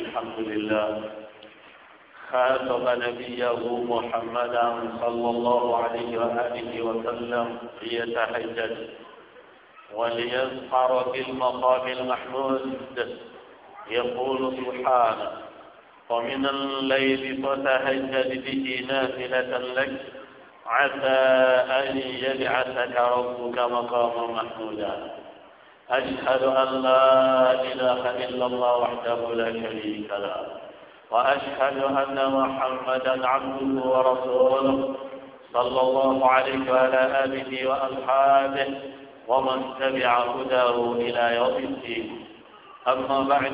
الحمد لله خاتم نبيه محمدا صلى الله عليه وآله وسلم ليتهجد وليظهر في المقام المحمود يقول سبحانه ومن الليل فتهجد به نافلة لك عسى أن يبعثك ربك مقاما محمودا أشهد أن لا إله إلا الله وحده لا شريك له وأشهد أن محمدا عبده ورسوله صلى الله عليه وعلى آله وأصحابه ومن تبع هداه إلى يوم الدين أما بعد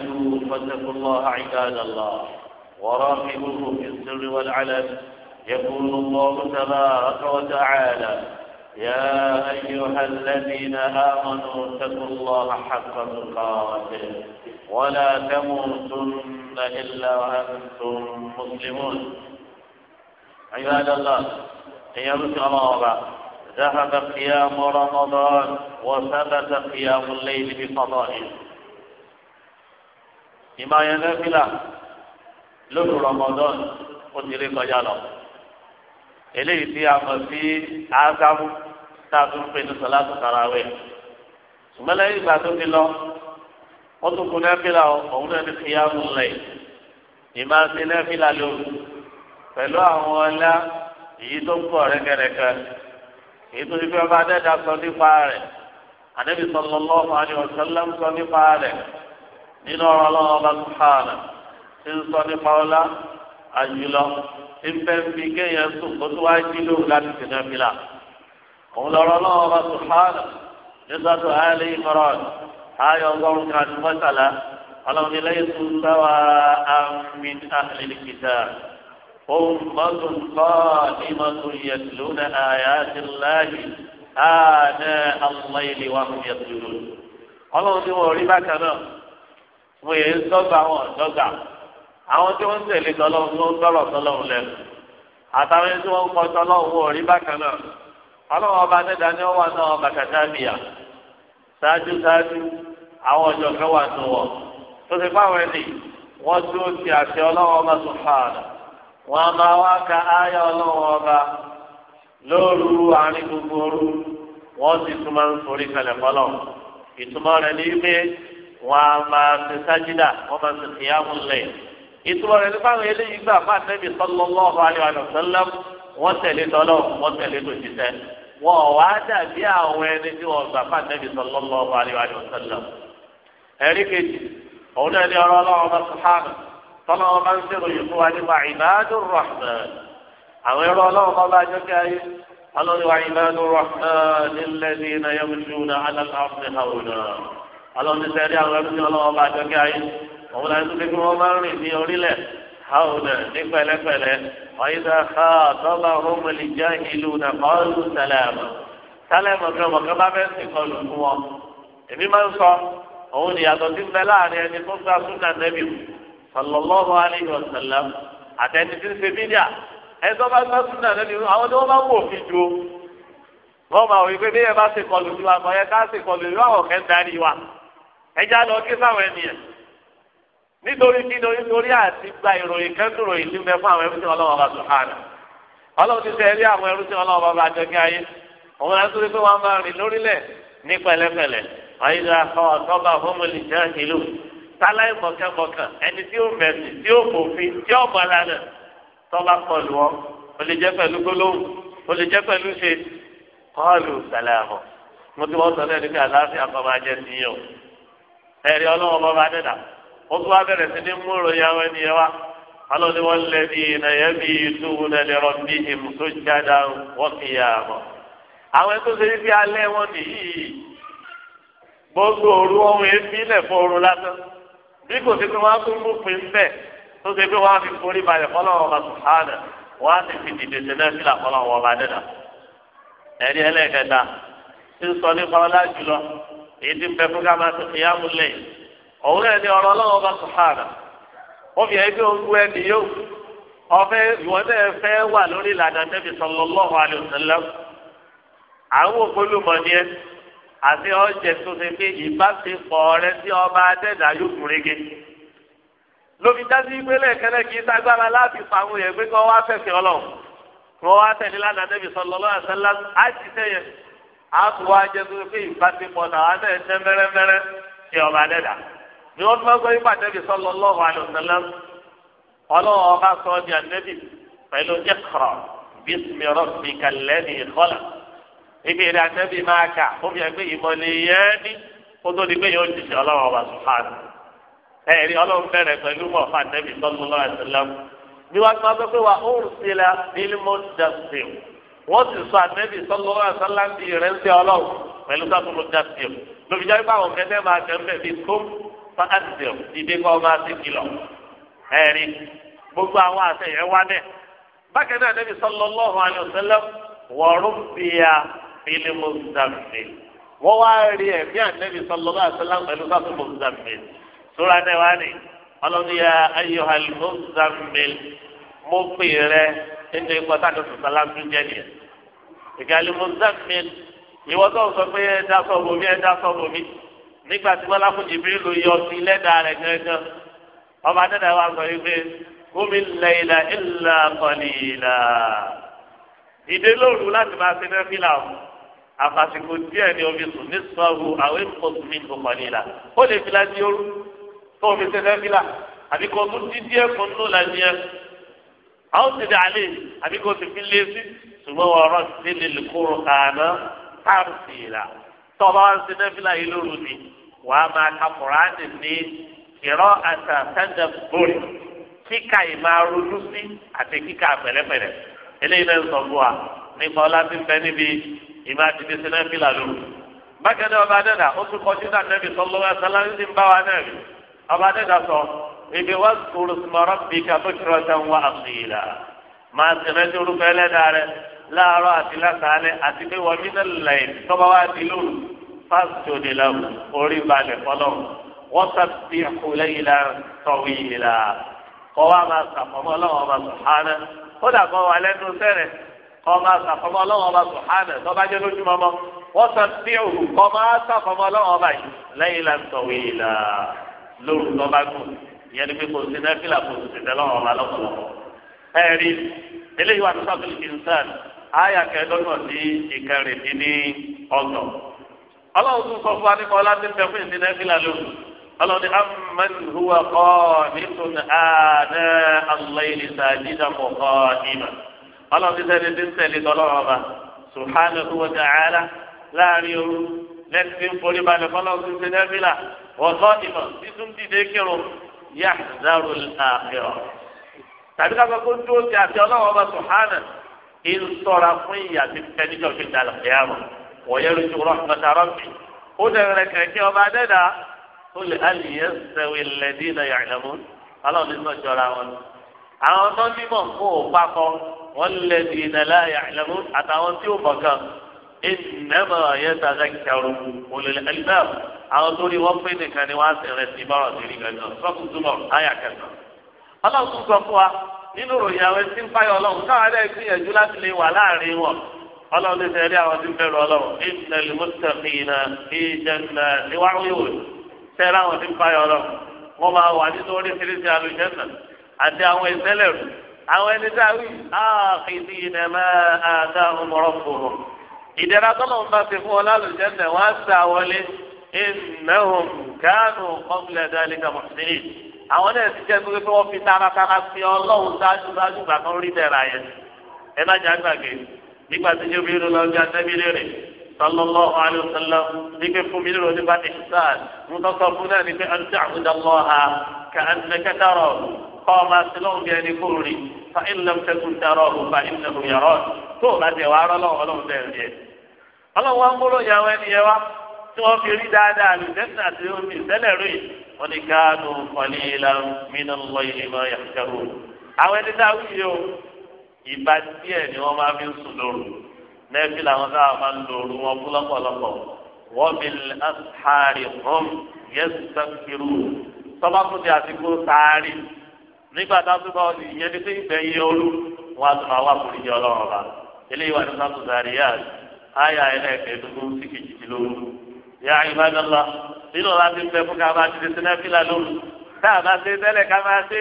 فاتقوا الله عباد الله وراقبوه في السر والعلن يقول الله تبارك وتعالى يا أيها الذين آمنوا اتقوا الله حق تقاته ولا تموتن إلا وأنتم مسلمون عباد الله يرجع الله ذهب قيام رمضان وثبت قيام الليل بفضائل إما ينافلا لن رمضان قدر قياله إليه في عمسي عزمه tá a tún pè ní sọlá tó tara wẹ̀. ṣùgbọ́n lẹ́yìn ìgbà tó ti lọ wọ́n tún kun nẹ́fìlà òun náà ní kíyàmù lẹ̀ ìmá sí nẹ́fìlà lóru pẹ̀lú àwọn ọlá èyí tó ń pọ̀ rẹ́kẹrẹkẹ èyí tó ti fi ọba dẹ́ta sọ nípa rẹ̀ ànábì sallallahu alaihi wasallam sọ nípa rẹ̀ nínú ọ̀rọ̀ ọlọ́run ọba tó wá jí lóru láti sì òun lọ́rọ́ náà ọba sùhánà nígbàtọ̀ àlẹ́ ìmọ̀ràn ayọ̀ ọgọ́rùn kan mọ́tàlá ọlọ́run ilé ètò sáwà àmìn àhìlẹ̀ kìtà ohun mọ́tò kọ́ ní mọ́tò yẹtùlú ní àyà ti láàyè àná àwọn ilé wa fún yẹtùlú. ọlọ́run tí wọ́n rí bákan náà wọ́n yẹ ń dọ́gba wọn dọ́gba àwọn tí wọ́n ń tẹ̀lé tọ́lọ́run ló ń tọ́lọ̀ tọ́lọ́run lẹ́nu àtàwọn tí wọ́n ń kọ́ tọ́lọ́run wọ́n rí bákan náà ọlọ́wọ́ ọba dẹ́dá ni ó wà náà bàtàtà bìyà ṣáájú ṣáájú àwọn ọjọ́ kan wà nù wọ́n tó ti fáwọn ẹni wọ́n tó ti àṣẹ ọlọ́wọ́ ọba tó fààrà wọ́n a máa wá ka áyà ọlọ́wọ́ ọba lóru àárín gbogbo ooru wọ́n sì tún máa ń forí kalẹ̀ fọlọ́ ìtumọ̀ rẹ̀ ní pé wọ́n a máa ti sájídà wọ́n máa ti kìyàmù lẹ̀ ìtumọ̀ rẹ̀ ní fáwọn eléyìí gbà fún àtẹ́bí wọ́n tẹ̀lé tọ́lọ́ wọ́n tẹ̀lé tó jíṣẹ́ wọn ò wá dàbí àwọn ẹni tí wọ́n gbà fún àtẹ́bí sallallahu alaihi wa sallam. ẹ̀rí kejì òun náà ní ọ̀rọ̀ ọlọ́run bá sùhánù tọ́lọ́ wọn bá ń ṣèrò yìí fún wa nípa ibadur rahman. àwọn ẹ̀rọ ọlọ́run bá bá jọ́kẹ́ ayé ọlọ́run wa ibadur rahman alladhina yamshuna hàwùnà ní pẹ̀lẹ́pẹ̀lẹ́ ọ̀yẹ́dà ká àtọ́lá ọ̀húnmọ̀lì já ìlú nà kọ́ọ̀lù sálẹ̀mù sálẹ̀mù kan mọ̀kàn bá fẹ́ sì kọlù fún wọn. èmi máa ń sọ òun ni yàtọ̀ sí bẹ́ẹ̀ láàrin ẹni tó gba súnà nẹ́bì sallallahu alaihi wasallam àtẹni tí ń ṣe bídíà ẹni tó bá gba súnà nẹ́bì àwọn ni wọ́n bá wò fi ju wọ́n máa wí pé bí ẹ bá sì kọlù ju àgbọ̀yẹ ká sì kọlù ju àwọn kẹ́ nítorí kí nítorí àti gba ìròyìn kẹ́ńtùrò ìlú mẹ́fún àwọn ẹrúsìn ọlọ́wọ́ bá tó hàn ọlọ́run ti sẹ́rí àwọn ẹrúsìn ọlọ́wọ́ bá bá jẹ́gẹ́ ayé òun á tó rí pé wọ́n máa rìn lórílẹ̀ ní pẹ̀lẹ́pẹ̀lẹ́ ayélujára akọ ọ̀tọ́ba fọmọlì jẹ́ ìlú táláì mọ̀kẹ́mọ̀kàn ẹni tí ó mẹ̀sì tí ó mòfin tí ó mọ̀lánà tọ́ba pọ̀lù wọn ó lè jẹ́ pẹ̀lú gbólóhùn ó lè jẹ́ pẹ̀lú wọ́n tún wá bẹ̀rẹ̀ sí ní múrò yàwó ènìyàn wa alọ́ni wọn lẹ́bi iná yẹn bí ìtúwù náà lè rọ bí ìmùtó jáde wọ́n kì í yà mọ́. àwọn ètò ṣe fi alẹ́ wọn nìyí gbogbo òru ọ̀hún èéfín lẹ̀ fún oorun lásán bí kò sí pé wọ́n á tún mú pin bẹ́ẹ̀ tó ṣe pé wọ́n á fi forí balẹ̀ fọlọ́wọ́ bá tún wọ́n á sì fi dìde sí náà sílà fọlọ́wọ́ bá dẹ́nà. ẹni ẹlẹ́kẹta ti sọ nípa ọlá jùlọ èyí ti fẹ́ fún ká máa ti fi yá múlẹ̀ yìí. òun náà ni ọ̀rọ̀ ọlọ́wọ́ bá sùhánà wọ́n fi ẹgbẹ́ ogun ẹni yóò ọfẹ́ ìwọ náà fẹ́ wà lórí ìlànà nẹ́bí sallallahu alaihi wasallam àwọn ògbólùmọ̀ ni ẹ àti ọ̀jẹ̀ tó ṣe pé ìbáṣepọ̀ rẹ sí ọba adẹ́dà lóbi dájú kì í sagbára láti àwọn wá ọlọ́run wá tẹ̀lé lánàá tó ìbáṣepọ̀ ni wọn máa ń gbọ́ nípa nẹ́bí sallallahu alaihi wasallam ọlọ́wọ́ ọba sọ ọ́ di ànẹ́bí pẹ̀lú iqra bismi rabbikal ladhi khalaq ibi ìrìn ànẹ́bí máa kà ó fi ẹgbẹ́ ìmọ̀ lè yẹ ẹ́ ní kó tó di pé yóò ti ṣe ọlọ́wọ́ ọba sùpàdù ẹ̀rí ọlọ́run bẹ̀rẹ̀ pẹ̀lú mọ̀fà nẹ́bí sallallahu alaihi wasallam ni wọn máa sọ pé wà ó rùsílẹ̀ bílímọ̀ dàsíl wọ́n ti sọ ànẹ́bí sallallahu alaihi wasallam di ìrẹsì fàkàtìsìl dìde kọ́ ọba sí kìlọ̀ ẹ̀rí gbogbo àwọn àṣẹ yẹn wá dẹ̀. bákan náà Nabi sallallahu alaihi wasallam wọ̀ọ́rùn bíyà bílí mùsàmìl wọ́n wá rí ẹ̀mí ànẹ́bí sallallahu alaihi wasallam pẹ̀lú sáfù mùsàmìl sóra náà wá ní ọlọ́run yà ayyuhal mùsàmìl mo pè rẹ nínú ipò táàdùn sọ̀sálà tún jẹ́ nìyẹn. ìgbàlè mùsàmìl ìwọ́n tó sọ mi ẹ dá mi nígbà tí wọn lákòjì bí ló yọ sí lẹ́dà rẹ̀ gángan ọba dẹ́dà wa gbọ́ yìí pé omi lẹ́yìnlá ìlà kọ́nìyìnlá ìdè lóru láti máa ṣe fẹ́ fílà o àfàsìkò díẹ̀ ni omi sùn ní sọ́ọ̀rù àwọn èèkó sùn ní kọ́nìyìnlá ó lè fi láti ooru tó omi ṣe fẹ́ fílà àbí kò tún dídí ẹ̀kún nù láti ẹ̀ àwọn ti dà lé àbí kò sì fi lé sí ṣùgbọ́n ọ̀rọ̀ ti lè lè kóró kàánà táàrù sí ìlà tọ́ba wàá máa ka kùránì ní ìrọ́ àti àtẹ́jẹ́ bòrì kíkà ìmọ̀ arúgbó sí àti kíkà pẹ̀lẹ́pẹ̀lẹ́ eléyìí náà ń sọ fún wa nípa ọlá tí ń bẹ níbi ìmọ̀ àti ìdísẹ́ náà fìlà lóru. bákan náà ọba dẹ́dà ó tún kọjú náà nẹ́bi sọ́lọ́wọ́ ẹ̀sọ́lá ń bá wa náà rí ọba dẹ́dà sọ ibi wá kúrò sùmọ́rọ́ bí kábókìrọ̀ tán wá àṣìlá máa sì rẹ́ dúró fẹ́lẹ́ dáa rẹ láàárọ̀ àti lásàálẹ̀ àti pé wọ́n mí fásitì lẹ́wù orí balẹ̀ fọlọ́ wọ́n sábì kulẹ̀ ìlà tọ̀wé ìlà kọ́ wa máa sàfọ́mọ́ lọ́wọ́ ọba sùhánà kódà kọ́ wa lẹ́nu sẹ́rẹ̀ kọ́ máa sàfọ́mọ́ lọ́wọ́ ọba sùhánà tọ́ba jẹ́ lójúmọ́mọ́ wọ́n sábì òhù kọ́ máa sàfọ́mọ́ lọ́wọ́ ọba yìí lẹ́yìn ìlà tọ̀wé ìlà lóru tọ́ba gùn ìyẹn ni pé kò sí nẹ́fìlà kò sì tẹ̀ lọ́wọ́ ọba lọ́pọ̀lọpọ̀ ẹ̀rí eléyìí wà ọlọ́run tún sọ fún wa nípa ọlá tí ń bẹ fún ìsìn nẹ́fìlà lónìí ọlọ́run ní amman huwa qanitun àná al-layli sajidan qa'iman ọlọ́run ti sẹ́ni tí ń tẹ̀lé tọ́lọ́run ọba subhanahu wa ta'ala láàrin ooru lẹ́sìn tí ń forí balẹ̀ fọlọ́run tún ṣe nẹ́fìlà wa qa'iman títún dìde kírun yahzaru al-akhirah tàbí ká gbọ́ dúró ti àti ọlọ́run ọba subhanahu ń sọ̀ra fún ìyà tí fẹ́ níjọ́ fi dàlẹ́ ويرجو رحمة ربي هنا لك يا بعدنا قل هل يستوي الذين يعلمون الله لما جرعون àwọn tó ní mọ̀ fún òpapọ̀ wọn lè di ìdàlá ìyàlẹ́mú àtàwọn tí ó mọ̀ kan ìnẹ́mọ̀ yẹn tàgá kẹrù olùlẹ̀ ẹlẹ́mù àwọn tó rí wọ́n pé nìkan ni wọ́n á sì sí bọ́rọ̀ sí nìkan náà sọ́kùn ọlọ́run lè tẹ̀lé àwọn tí ń bẹ̀rù ọlọ́run ìtẹ̀lé mọ́tàkìnà ìjẹ̀nà ìwáwíwò tẹ̀lé àwọn tí ń fàyọ̀ ọlọ́run wọ́n máa wà nínú oríṣiríṣi àlùjẹ́nà àti àwọn ìtẹ́lẹ̀ rù àwọn ẹni tá a wí àkìtì ìnàmá àdá ọmọrọ́fòrò ìdẹ̀ra tọ́lọ̀ ń bá ti fún ọ lálùjẹ́nà wọ́n á sá wọlé ìnáhùn kánù ọ̀gbìnlẹ̀ dálíkà mọ̀sílì nígbà tí jẹ́ obìnrin lọ bí anábìlẹ̀ rẹ̀ sọlọ́lọ́ alùsọ̀lọ́ nígbà fún mi lórí bá ti sáà mo tọ́kọ̀ fún náà ní pé àti àbúdá lọ́ha kà á ti kẹ́tàrọ̀ kọ́ ọ máa ti lọ́hùn bí ẹni kúrò rí fa ìlànà tẹkùn tẹ̀rọ̀ ọ̀hún fa ìlànà yàrá tó o bá tẹ̀ wá rọ́lọ́wọ́ ọlọ́run tẹ̀ rí ẹ. ọlọ́run wa ń gbọ́dọ̀ ẹni yẹ wa tí wọ́n fi rí dáadáa lùdẹ́sìn àti omi ìtẹ́lẹ̀ rí wọ́n ní káàdùn kọ́lé ìlànà mí ìbá díẹ̀ ni wọ́n máa fi ń sùn lóru nẹ́ẹ̀fì làwọn sábà máa ń lóru wọn fún lọ́pọ̀lọpọ̀ wọ́n mi àtàrí hàn yẹ́sù sẹ́kìrù tọ́ba tún di àsìkò sáárì nígbà táwọn bá ìyẹn ní sí ìgbẹ̀yìn olú wọn á tún máa wà ọlọ́run ọba eléyìí wà ní sáàtù sàríyà áyà ẹlẹ́ẹ̀kẹ́dógún sí kejìdínlógún yà ìbádọ́lá nínú láti fẹ́ fún ká máa ti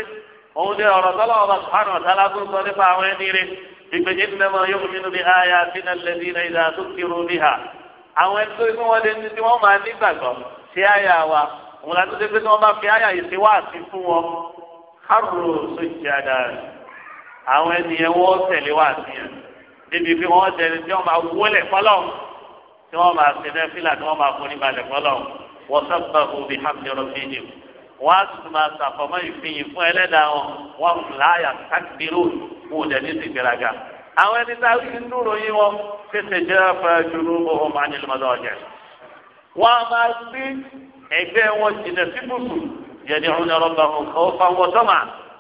òun ni ọ̀rọ̀ tọ́lọ̀ ọba sùhánù ọ̀tálá tó sọ nípa àwọn ẹni rẹ̀ ìgbèjì nínú yóò nínú bí ayé àti nàlẹ́bí náà ìdá tó kiri bí ha àwọn ẹni tó ikú wọn lé ní tí wọ́n máa nígbàgbọ́ sí àyà wa òun láti tó pé tí wọ́n bá fi àyà yìí sí wá fún wọn kárò sójà dáa àwọn ẹni yẹn wọ́n tẹ̀lé wá yẹn débi pé wọ́n tẹ̀lé tí wọ́n máa wọlé fọlọ́ tí wọ́n máa ṣe fílà tí wọ́n máa forí wọ́n á tún máa ṣàfọ̀mọ́ ìfihìn fún ẹlẹ́dàá wọn wọ́n ń láàyà kákìrò wọn ò dẹ̀ ní àwọn ẹni tá a fi ń dúró yín wọn tètè jẹ́ afẹ́júrú ohun máa nílùú mọ́tò ọ̀jẹ̀. wọ́n á máa gbé ẹgbẹ́ wọn jìnnà sí yẹ̀dí ọ̀hún ọ̀rọ̀ bá wọn kọ́ fáwọn sọ́mà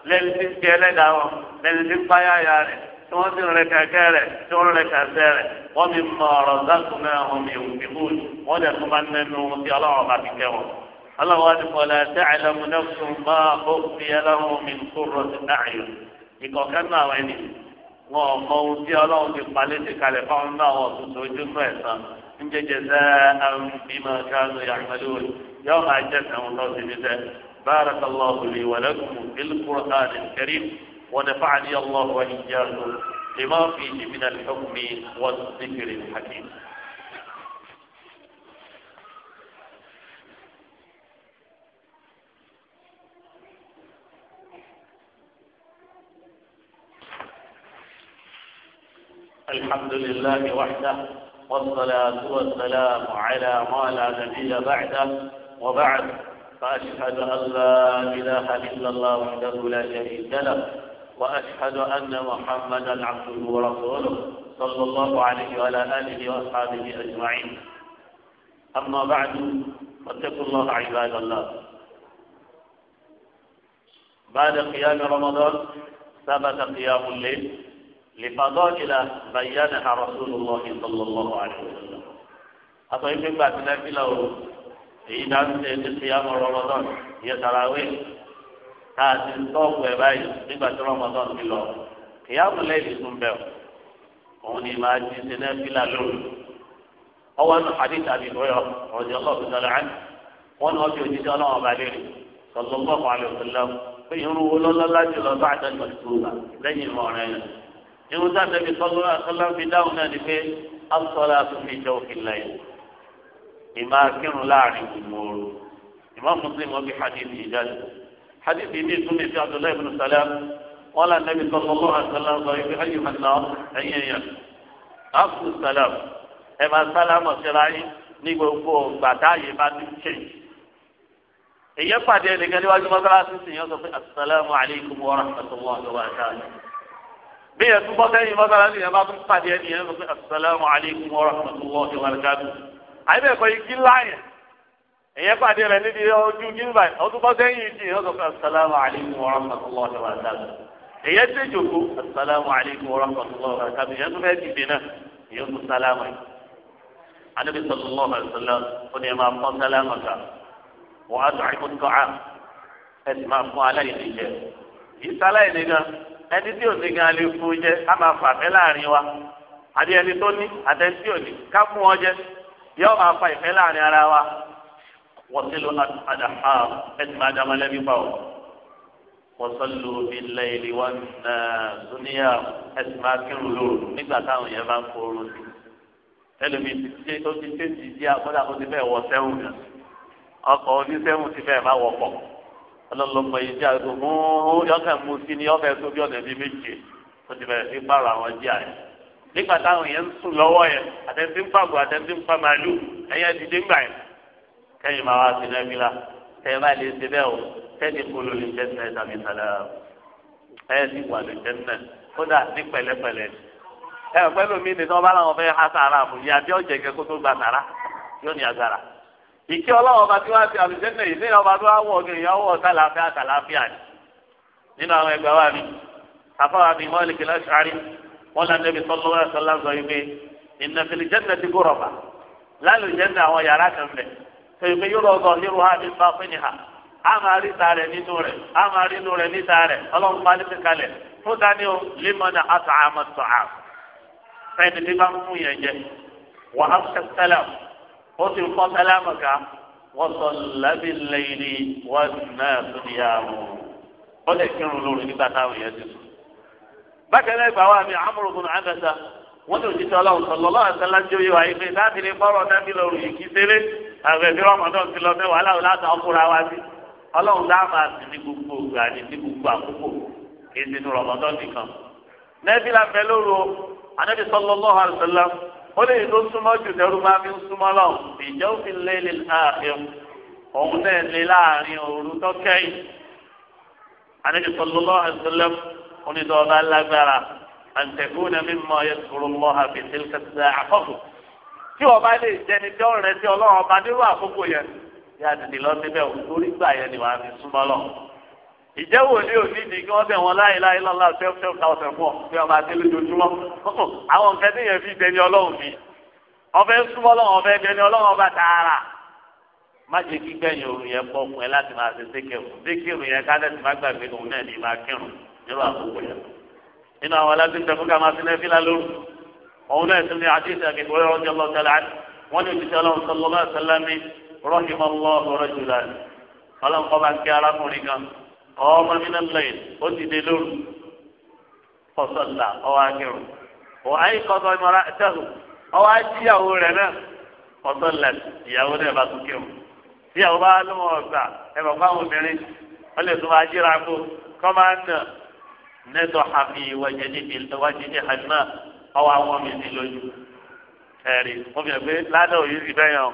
lẹ́ni tí ń fi ẹlẹ́dàá wọn lẹ́ni tí ń páyáyà rẹ̀ tí wọ́n ti rẹ̀ kẹ̀kẹ́ rẹ̀ tí wọ́n rẹ̀ rẹ̀ wọ́n mi ọ̀rọ̀ ọ̀hún mi ò fi wọ́n dẹ̀ tún bá aláwa ni mo la dá àlàmú náà fún bá ó fi aláwọ mi kó rọ sí náàyò ìkọ̀kẹ́ náà wẹ̀ ni wọn ò mọ ohun tí ọlọ́run ti palẹ́ ti kalẹ̀ náà wọn tuntun ojú fún ẹ̀sán ń jẹjẹ sẹ́ àrùn bímọ káàdùn yàgbẹ́lú yóò máa jẹ́ sẹ́wọ̀n tó ti fi sẹ́ بارك الله لي ولكم في القرآن الكريم ونفعني الله وإياكم لما فيه من الحكم والذكر الحكيم الحمد لله وحده والصلاة والسلام على ما لا نبي بعده وبعد فأشهد أن لا إله إلا الله وحده لا شريك له وأشهد أن محمدا عبده ورسوله صلى الله عليه وعلى آله وأصحابه أجمعين أما بعد فاتقوا الله عباد الله بعد قيام رمضان ثبت قيام الليل لفضائل بينها رسول الله صلى الله عليه وسلم أتوا يمكن بعد نبي له إذا صيام رمضان هي تراويح هذه الطوق وباي نبات رمضان في الله قيام الليل سنبه òun ni máa di sinẹ́ fílà lóru ọwọ́ ẹnu hadith àbí ìbọyọ ọ̀dì ọlọ́ọ̀bù sọlá ẹ̀ wọn ni wọ́n fi òjijì ọlọ́wọ́n bá léèrè sọlọ́gbọ́n kan àlè òsèlè pé irun wo lọ́lọ́lá jùlọ bá àtẹnudọ́ ìtura lẹ́yìn ìmọ̀ ọ̀rẹ́ yẹn ewu tá a tẹ̀lé sọ́dọ̀ àtọ́lá fi dáhùn náà ni pé asọ́lá àtúnfi jẹ́ òfin lẹ́yìn ìmọ̀ akírun láàrin gbòòrò ìmọ̀ mùsùlùmí wọn bí hadithi ìjáde hadithi ní ìtúndì sí abdullahi ibn salam wọn là tẹ̀lé sọ́dọ̀ lọ́wọ́ sọ ibi ayé hàn náà ẹ̀yìn ẹ̀yà abu salam ẹ̀ máa sálámọ̀ síra yín ní gbogbo gbàtà yìí bá ti ṣe èyí pàdé ẹnìkan níwájú mọ́sálásí sì yẹn sọ pé asalaamualeykum wa rahmatulahi wa barakatuh bí yẹn tún bọ́ sẹ́yìn mọ́sálásí yẹn bá tún pàdé ẹni yẹn lọ́sẹ̀ asalaamu aleykum wa rahmatulahi wa barakatuh. àyè bẹ́ẹ̀ kọ́ yìí kí láyẹ̀ èyàn pàdé rẹ̀ níbi ojú gíńbà ọdún bọ́ sẹ́yìn ìdí yẹn lọ́sẹ̀ asalaamu aleykum wa rahmatulahi wa barakatuh. èyàn tẹ́ jòkó asalaamu aleykum wa rahmatulahi wa barakatuh yẹn tún bẹ́ẹ̀ dìde náà tún sálámà ẹni tí ò ní gan lè fún jẹ ká máa fà fẹ́ láàrin wa àbí ẹni tó ní àtẹni tí ò ní ká fún wọn jẹ yóò máa fa ìfẹ́ láàrin ara wa wọ́sílù àdàhà ẹni máa dá máa lẹ́bí o wọ́sọ́lù ilẹ̀ ìlú wa dúníyà ẹni máa kírun lóru nígbà táwọn yẹn máa ń kóoru sí ẹlòmíì ti ṣe ó ti ṣe ti di akọ́dà kó ti fẹ́ wọ sẹ́wùn ọkọ̀ oníṣẹ́wùn ti fẹ́ máa wọ̀ pọ̀ ọlọ́lọ́mọ yìí jẹ́ àgbo mọ́ yọ̀kẹ́ mu sí ni yọ̀kẹ́ tó bí ọ̀nà bíi méje ó ti bẹ̀rẹ̀ sí pààrọ̀ àwọn jí àyè nígbà táwọn yẹn ń sùn lọ́wọ́ yẹn àtẹ̀sí ń pàgọ́ àtẹ̀sí ń pàmàlú ẹ̀yẹ dìde ńgbà yẹn kẹ́yìn máa wá sí nẹ́bílà tẹ̀yẹ bá lè ṣe bẹ́ẹ̀ o tẹ́ni kolo lè jẹ́ sinẹ́ tàbí sàlẹ̀ ẹ̀ ti wà lè jẹ́ sinẹ́ kódà ní pẹ̀lẹ́pẹ̀lẹ́ ẹ̀ pẹ́lú mi nìkan bá làwọn fẹ́ ha sàrà àbòyí àbí ọ̀jẹ̀ kẹ́kọ́ tó gba sàrà yóò ní agbára ìkí ọlọ́wọ́ ọba tí wọ́n fi àlùjẹ́nà yìí nínú ọba tó wá wọ̀ ọ̀gẹ̀ ìyá wọ̀ sálàáfíà sálàáfíà ni nínú àwọn ẹgbẹ́ wa mi afáwa mi wọ́n lè kí lọ́sàárì wọ́n lọ níbi sọ́lọ́wọ́ sọ́lá sọ yìí pé ìnàfìlì jẹ́nà ti gbó rọ̀bà lálùjẹ́nà àwọn yàrá kan bẹ̀ tó ìpè yóò lọ́gọ́ nírú ha mi bá fún ìhà a máa máa rí ó sì kọ́ sálámù ká wọ́n sọ lábí lẹ́yìn wọ́n náà tó di ààbò ó lè kírun lóru nígbà táwọn yẹn ti sùn. bákan náà ìgbà wa mi àmúrò kùnú àgàtà wọ́n ní òjijì ọlọ́run sọ̀lọ́ lọ́wọ́ àtàlà jẹ́ òye wa yìí pé láti lè fọ́rọ̀ dábì lóru yìí kí sẹ́lẹ̀ àgbẹ̀bí ọmọdé ti lọ mẹ́wàá láwọn láti ọkùnrin wa sí ọlọ́run dáhùn àti ní gbogbo ògbà ní gbogbo àkókò kí n ti nu rọ̀mọdọ́ nìkan. nẹ́bí la fẹ́ lóru o àdébí sọ́lọ́ lọ́wọ́ ó lè tó súnmọ́ jù lẹ́rú máa fi ń súnmọ́ lọ ìjọ fi lé lè láàrin òun náà lé láàrin òru tó kẹ́yìn àdéhùn sọlọ́lọ́ àṣẹlẹ́m onídọ́ọ̀bá lágbára àǹtẹ̀kùn náà mímọ́ yẹn kúrò mọ́ àbí tẹ́lifíṣẹ́ àkọ́kù tí wọ́n lè jẹni tí ọ̀rẹ́ tí ọlọ́run ọba nírú àkókò yẹn yá àdìdì lọ síbẹ̀ òun lórí gbà yẹn ni wàá fi súnmọ́ lọ ìjẹ́ wò ní òní ìdí kí wọ́n tẹ̀ wọ́n láyé láyé lọ́la twelve twelve thousand fún ọ bí ọba àti lójoojúmọ́ àwọn nǹkan tí yẹn fi dẹni ọlọ́run bí ọbẹ̀ súnmọ́ lọ́wọ́ ọbẹ̀ dẹni ọlọ́run ọba tààrà má jẹ́ kí gbẹ̀yìn òru yẹn bọ́ fún ẹ láti máa ṣe sékèrù sékèrù yẹn kálẹ̀ tí má gbàgbé òun náà ní máa kírun nínú àkókò yẹn nínú àwọn alágbèsè fún kàmá sílẹ̀ fílà lóru òun náà tún ní àdéhùn àgbègbè ọjọ́ lọ́sẹ̀lá wọ́n ní òṣìṣẹ́ ọlọ́run sọlọ́lá ṣẹlẹ́mí rọ́ọ̀kì mọ́ lọ́ọ̀rọ̀ jùlọ ọlọ́run kọ́ bá ń kí arákùnrin kan ọmọ mi náà lọ yìí ó ti dé lóru fọsọlá ọwọ akẹrù ọ ayé kọsọ ìmọ̀ra ẹtẹ́hù ọwọ ajíyàwó rẹ náà fọsọlá ìyàwó náà bá tún kẹrù tíyàwó bá lọ́wọ́ ọ̀gbà ẹ̀fọ̀ fáwọn obìnrin wọ́n lè tún máa jíra kó kọ́ máa ń nà nẹ́tọ̀ hàmì ìwọ̀jẹ̀ níbi ìwájú ní hàmà ọwọ́ àwọn mi ní lójú ẹ̀rí wọ́n fi hàn pé ládàá òyìnbí bẹ́yàn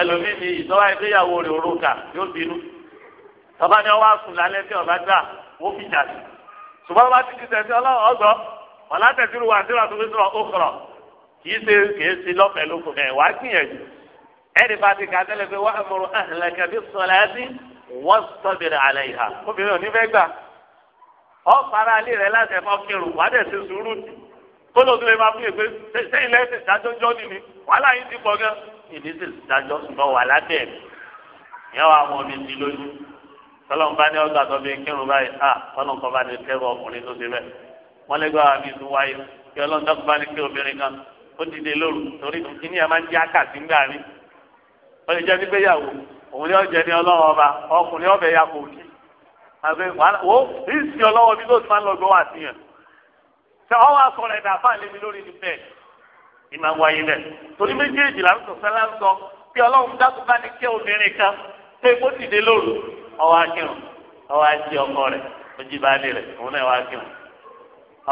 ẹlòmíì ní ìtọ́wá ìgbéyàwó rẹ̀ òrùka yóò bínú tọ́ba ni ọwọ́ àsùn lálẹ́ tí ọba gbà wọ́n fi jà sí. ṣùgbọ́n bá ti di tẹ̀sí ọlọ́run ọ̀gbọ́ ọ̀la tẹ̀sí ru wàásù àti wíṣọ òkùrọ̀ kì í ṣe kì í ṣe lọ́fẹ̀ẹ́ lóko ẹ̀ wá gbìyànjú. ẹnì bá ti kà tẹ́lẹ̀ pé wọ́n àmọ̀rọ̀ àhìnlẹ̀kẹ̀ bí sọ̀láyàtì wọ́n sọ̀bìrì àlẹ́ ìhà. obìnrin ò ní fẹ́ gbà ọ́ tọ́lọ́n bá ní ọgbà tó fi kírun báyìí à tọ́lọ́n kọ́ bá ní kẹ́rù ọkùnrin tó ti bẹ̀. wọ́n lé gbọ́dọ̀ àmì ìtú wáyé kí ọlọ́run dọ́kọ̀ bá ní kí obìnrin kan ó dìde lóru torí kíní ẹ̀ máa ń jẹ́ àkàtì ńgbà rí. ó lè jẹ́ nígbéyàwó òun ni ó jẹ́ ní ọlọ́run ọba ọkùnrin ọbẹ̀ ya kò kí. àbẹ̀ wò ó ìsì ọlọ́wọ́ mi ló sọ sẹ́lá ń ọwọ́ akírun ọwọ́ àti ọkọ rẹ̀ ojú baálé rẹ̀ òun náà wá akírun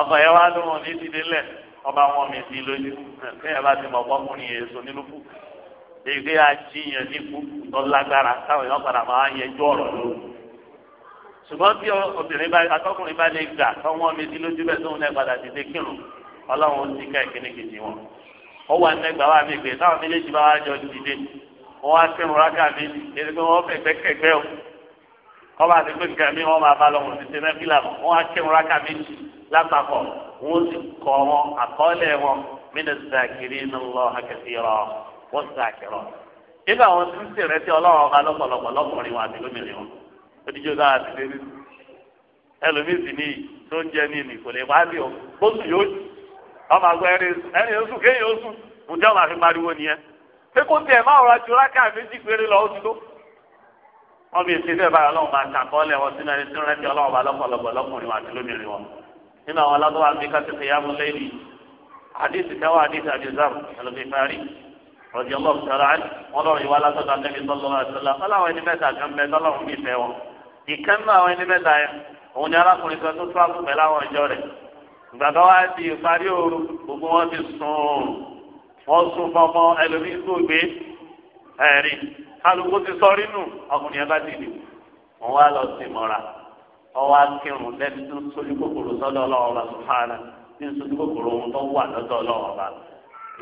ọkọ yẹn wá lóhùn ní ti délẹ̀ ọba wọn mi sí lójú kéèyàn bá ti mọ ọkọkùnrin yẹn sọ nínú kú èyí pé àjíyàn níkú lọ́lágbára táwọn èèyàn padà máa yẹjú ọ̀rọ̀ lóhùn ṣùgbọ́n bí obìnrin bá atọ́kùnrin bá lè gbà tọ́wọ́n mi sí lójú bẹ́ẹ̀ tóun náà padà ti dé kírun ọlọ́run ti ká ìkíní kejì wọn. ó wà nẹ́gbàá wà mí pé táwọn méjèèjì bá wá jọ dìde wọ́n wá kírun rákà mi èdè pé wọ́n fẹ̀gbẹ́ kẹ̀gbẹ́ o kọ́ba àti pé nǹkan mi wọ́n máa bá lọ́wọ́ ti ṣe mẹ́fìlà wọ́n á kírun rákà méjì lápapọ̀ wọ́n sì kọ́ wọn àkọọ́lẹ̀ wọn mínísítà kiri ní lọ akẹ́sìrọ̀ wọ́n sì àkẹ́rọ̀. nígbà wọn ti ń ṣèrántí ọlọ́run ọba lọ́pọ̀lọpọ̀ lọ́kùnrin wọn àti lómìnirin wọn odijó náà ti lé nínú. ẹlòmíín sì ní tó ń jẹ ní ìní kò lè wá bí o bó sùn yóò jù ọmọ àgbà ẹni oṣù kéèyàn oṣù ǹjẹ́ ọmọ àfi pariwo nìyẹn. pé kó tiẹ̀ máa rọra wọn bí ṣe fẹ́ báyọ̀ ọlọ́run máa ṣàkọọ́lẹ̀ wọn sínú ẹni tí wọ́n rẹ́tí ọlọ́run bá lọ́pọ̀lọpọ̀ lọ́kùnrin àti lóbìnrin wọn. nínú àwọn alágbọ́wá ń bí ká tètè yá múlẹ̀ yìí àdìsí tẹ́wọ́ àdìsí àdìsám ẹlòmífárì rọ̀jì ọlọ́run sọ̀rọ̀ àti wọn lọ́rùn ìwà látọ̀dọ̀ àtẹ́bí sọ́lọ́run àti sọ́lá ọlọ́run ẹni mẹ́ta kan bẹ tọ́lọ́run bí fẹ́ wọn. ìkan kálukú ti sọ rínú ọkùnrin yẹn bá dìde wọn wá lọ sí mọ́ra wọn wá kírun lẹ́ni tó sojú kòkòrò sọ́dọ̀ ọlọ́wọ́ ọba sùhánà ní sojú kòkòrò ohun tó wà lọ́dọ̀ ọlọ́wọ́ ọba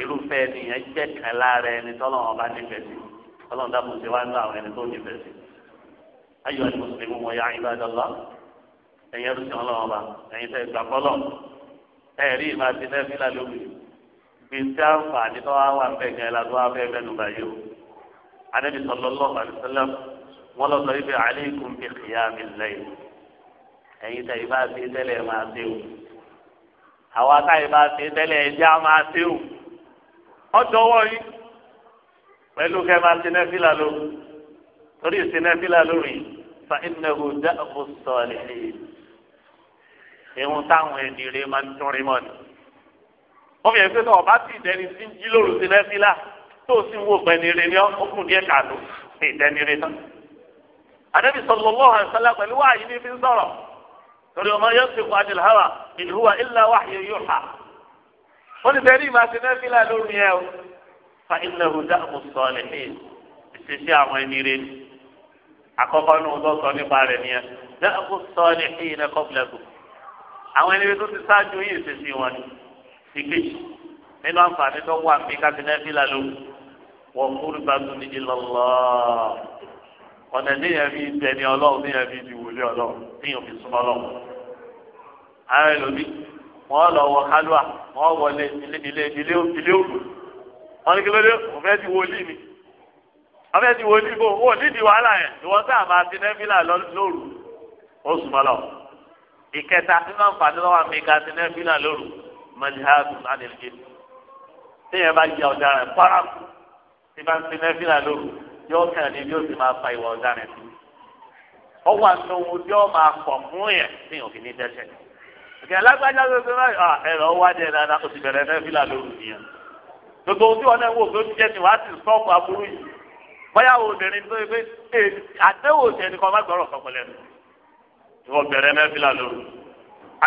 irúfẹ́ nìyẹn jẹ́ kan lára ẹni tọ́lọ́wọ́ ọba nífẹ̀ẹ́ sí ọlọ́run dákun ṣe wá ń lọ àwọn ẹni tó nífẹ̀ẹ́ sí. ayọ̀ ni mùsùlùmí wọn yá ibadallah ẹ̀yin ẹrú sí ọlọ́wọ́ ọba ẹ̀yin tẹ́ gbà kọ́lọ̀ ẹ̀rí ìmọ̀ àti nẹ́fìlà lóbi gbèsè àǹfààní tó wá wà ń bẹ̀ gan-an anabi sallallahu alayhi wa sallam wọn lọ sọ ibi aleikum bi qiyamil layl ẹyin tẹ ibà sí tẹ́lẹ̀ máa sí o àwa tá ibà sí tẹ́lẹ̀ ẹjẹ máa sí o ọjọ́ wọ yìí pẹ̀lú kẹ máa sí nẹfìlà lóru torí sí nẹfìlà lóru yìí fa innahu da'bu salihin ìhun táwọn ènìyàn máa ń tún rí ni wọn fi ẹgbẹ́ náà ọba ti dẹni sí ń jí lóru tó o sì ń wò pẹ̀lú ní ọkùnrin díẹ̀ kàánú ní ìdẹ́nire tán. àdébí sallallahu alaihi wasallam pẹ̀lú wáyé ní fi ń sọ̀rọ̀ torí ọmọ yóò fi kọ́ adìl hawa in huwa illa wahyu yuha. wọ́n ti bẹ̀rẹ̀ ìmọ̀ àti nẹ́fìlà lórí ẹ̀ o. fa innahu da'mu salihin ìṣesí àwọn ẹni ni. àkọ́kọ́ nù tó sọ nípa rẹ̀ ni ẹ̀ da'mu salihin qablakum. àwọn ẹni tó ti sáájú yìí ìṣesí wọn ni. ìkejì nínú àǹfààní tó wà ní kásínẹ́fìlà lórí wọ́n múlù bá tún ní ìlọ́lọ́ ọ̀nà níyẹn fi tẹni ọlọ́run níyẹn fi di wòlé ọlọ́run níyẹn fi súnmọ́ ọlọ́run. àwọn ẹlòmí wọ́n lọ wọ kálúà wọ́n wọlé ilé ilé ilé òkú wọ́n ní kí ló dé òfẹ́ ti wọlé mi ọfẹ́ ti wọlé bò wọ́n ní ìdí wàhálà yẹn ìwọ́n sáà máa ti nẹ́fìlà lóru ó súnmọ́ ọlọ́run. ìkẹta nínú àǹfààní lọ́wọ́ àmì ká ti nẹ́fìlà lóru mọ̀lẹ́hàdùn láti tí bá ń sin nẹ́fìlà lóru yóò kàn ní bí ó ti máa fa ìwà ọ̀daràn sí. ó wà ní ohun tí ó máa pọ̀ fún yẹn ní òfin ní dẹ́sẹ̀. ìgbà lágbájá tó ti máa ẹ̀rọ wá dé dáadáa kò sì bẹ̀rẹ̀ nẹ́fìlà lóru nìyẹn. gbogbo ohun tí wọn náà wò tó ti jẹ́ ti wàá ti sọ́ọ̀kù aburú yìí. bóyá obìnrin tó yẹ pé àtẹ́wò tẹ̀ ni kọ́ má gbọ́rọ̀ kọ́ pẹ̀lẹ́ nù. ìwọ bẹ̀rẹ̀ nẹ́fìlà lóru.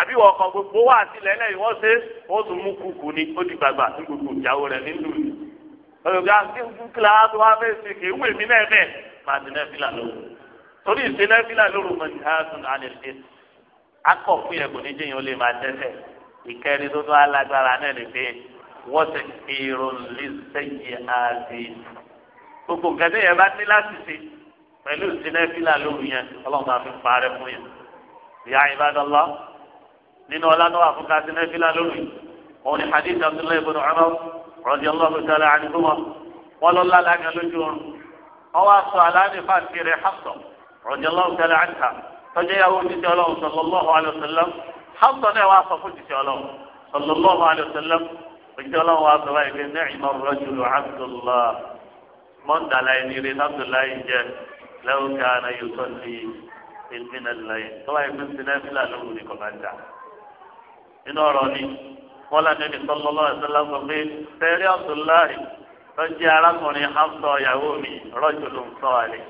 àbí wọ́n kan gbogbo wà sílẹ̀ lẹ́yìn wọ́n ṣe wọ́n tún mú kúkú ni ó ti gbàgbà ní gbogbo ìyàwó rẹ̀ nílùú olùkọ́ àti kíkìlá tó wá fẹ́ ṣe kì í wè mí náà bẹ́ẹ̀ máa di nẹ́fìlà lóru torí ìṣe nẹ́fìlà lóru mọ̀ ní ààtùn alẹ́ ṣe akọ̀ fún yẹn kò ní jẹ́ yẹn ó lè máa dẹ́sẹ̀ ìkẹrin tó tó alágbára náà lè pé wọ́n ti fi ìròlì sẹ́yìn àti gbogbo nǹkan tó yẹ bá ní láti ṣe pẹ̀lú ìṣe nẹ́fìlà lóru yẹn ọlọ́run máa fi fún yẹn ìyá ìbádọ́lá nínú ọlá tó wà fún kásínẹ́fìlà lóru òun ni rọ̀dí ọlọ́run sọ̀rọ̀ àdúgbò wọn lọ lálàgà lójú oorun ọwọ́ aṣọ aláàbí fàtí rẹ̀ hàṣọ rọ̀dí ọlọ́run sọ̀rọ̀ àdúgbò tọ́jú ìyàwó jíjẹ́ ọlọ́run sọ̀lọ́lọ́hu alẹ́sọ̀lọ́m hàṣọ náà wàá sọ fún jíjẹ́ ọlọ́run sọ̀lọ́lọ́hu alẹ́sọ̀lọ́m jíjẹ́ ọlọ́run wàá sọ báyìí pé nẹ́ẹ̀mọ́ rọ́jùlù àdùlá mọ́ndàlá ẹni rẹ̀ nàbdùlá yìí jẹ́ lẹ́wọ̀n kàánà yóò sọ sí ìpínlẹ̀ lẹ́yìn wọn lànà ní sọlọ́lọ́ ẹ̀sọ́lá sọ pé fẹ́rẹ́ ọ̀túnláì lọ́jí arákùnrin hamsọ ìyàwó mi rọ́jò ló ń sọ àlẹ́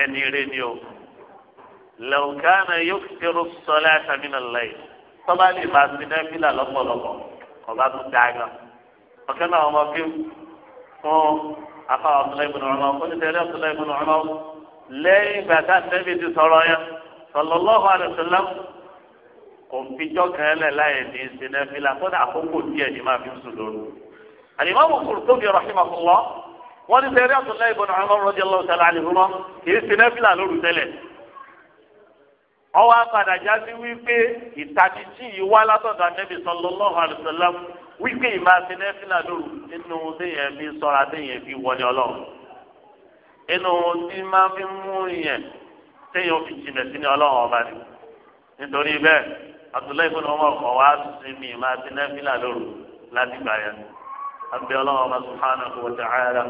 ẹni rẹ ni o lẹ́wọ̀kánà yóò kéré sọlá àtàmínà láì tọ́ba lè máa sin ẹ́fílà lọ́pọ̀lọpọ̀ ọba tó dáa gan ọ̀kẹ́ náà ọmọ kí fún afa ọ̀túnláì bùnú ọmọ ó ní fẹ́rẹ́ ọ̀túnláì bùnú ọmọ lẹ́yìn kò ń fijọ́ kan lẹ̀ láyé ní sinẹ́fìlà kódà àkókò díẹ̀ ní máa fi ń sùn lóru. àyìnbó Qurtubi rahimahullah wọ́n ní sẹ́rí Abdullahi ibn Umar radiyallahu ta'ala anhuma kì í sinẹ́fìlà lóru tẹ́lẹ̀. ọwọ́ apàdà jáde wípé ìtàdíjì yìí wá látọ̀dọ̀ Ànábì sallallahu alaihi wasallam wípé ìmá sinẹ́fìlà lóru nínú déyẹn fi sọ́ra déyẹn fi wọlé ọlọ́run inú tí máa nítorí bẹ́ẹ̀ abdullahi fún ọmọ ọkọ wa sinmi máa ti nẹ́fìlà lóru láti gbà yẹn abẹ ọlọ́wọ́ bá subhanahu wa ta'ala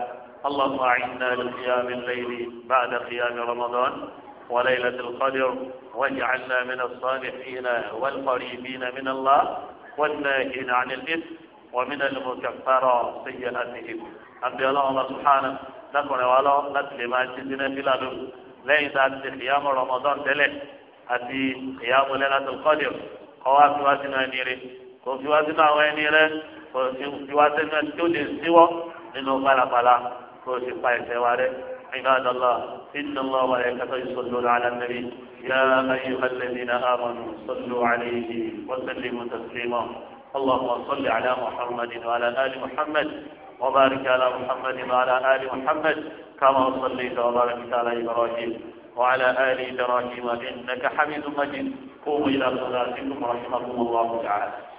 اللهم أعنا لقيام الليل بعد قيام رمضان وليلة القدر واجعلنا من الصالحين والقريبين من الله والناهين عن الإثم ومن المكفرة سيئاتهم أبي الله سبحانه لكن ولا نتلما جدنا بلا ليلة قيام رمضان تلك àti ìyàwó lẹ́làtò kọ́dìọ̀ kọ́ wá fi wá sínú ẹni rẹ kò fi wá sínú àwọn ẹni rẹ kò fi wá sínú ẹni tó lè síwọ́ nínú balabala kò sì pa ẹsẹ̀ wa rẹ. عباد الله إن الله وملائكته يصلون على النبي يا أيها الذين آمنوا صلوا عليه وسلموا تسليما اللهم صل على محمد وعلى آل محمد وبارك على محمد وعلى آل محمد كما صليت وباركت على إبراهيم وعلى آل إبراهيم إنك حميد مجيد قوموا إلى صلاتكم رحمكم الله تعالى